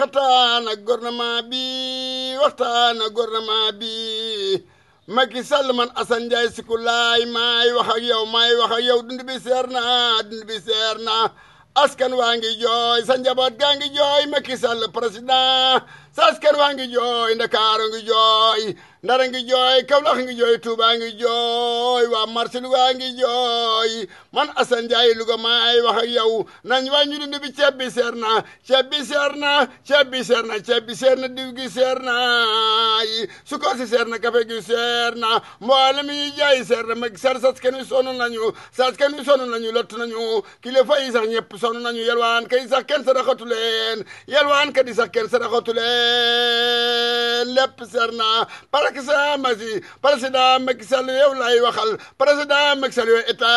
a ak gouvernement bi waxtaan ak gouvernement bi Macky Sall man Assane Ndiaye Sikulaay maay wax ak yow maay wax ak yow dund bi seer na dund bi seer na askan waa ngi jooy sa njaboot gaa ngi jooy Macky Sall président sasker waa ngi jooy ndakaaru ngi jooy ndara ngi jooy kawlax ngi jooy tuuba ngi jooy waa marsil waa ngi jooy man Assane Ndiaye Louga may wax ak yow nañ wàññi dund bi ceeb bi seer na ceeb bi seer na ceeb bi seer na ceeb bi seer na diw gi seer na sukar si seer na kafe gi seer na mboolem yi jaay seer na mag seer saskan wi sonn nañu saskan wi sonn nañu lott nañu kilifa yi sax ñëpp sonn nañu yelwaan kay sax kenn saraxatu leen yelwaan kat yi sax kenn saraxatu leen lépp ser naa président Macky président a Sall yow laay waxal président Macky Sall yow état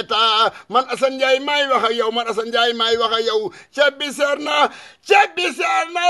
état man Assane Ndiaye maay wax ak yow man Assane Ndiaye maay wax ak yow ceeb bi ser na ceeb bi ser na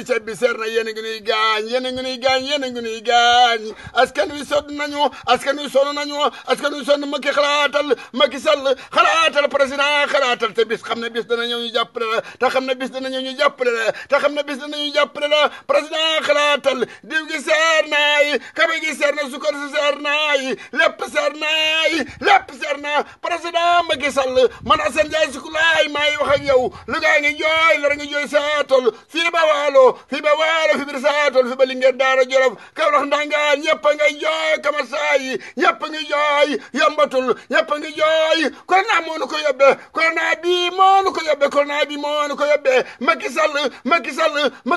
li ceeb bi seer na yéen a ngi nuy gaañ yéen a ngi nuy gaañ yéen a ngi nuy gaañ askan wi sonn nañu askan wi sonn nañu askan wi sonn Macky xalaatal Macky Sall xalaatal président xalaatal te bis xam ne bis dana ñëw ñu jàppale la te xam ne bis dana ñëw ñu jàppale la te xam ne bis dana ñu jàppale la président xalaatal diw gi seer naay kabe gi seer na sukkar si seer naay lépp seer naay lépp na président ma Sall man Assane Ndiaye Sukulaay maay wax ak yow lu gaa ngi jooy lara ngi jooy saatol fii ba waalo fii ba waalo fi biir fi ba Linguère Daara Jolof Kawlax Ndangaan ñëpp a ngay jooy kamasa yi ñëpp a ngi jooy yombatul ñëpp a ngi jooy corona ko yóbbee corona bi ko yóbbee corona bi moo nu ko yóbbee ma wax ma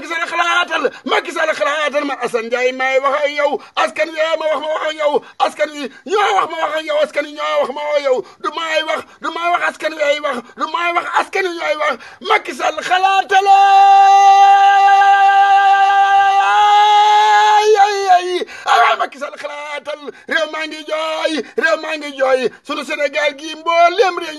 wax ak yow askan wi ñoo wax ma wax ak yow askan wi ñoo wax ma woo yow du maay wax du maay wax askan wi ay wax du maay wax askan wi ay wax Macky Sall xalaatale ay ah, Macky Sall xalaatal réew maa jooy réew maa jooy sunu Sénégal gii mbooleem réew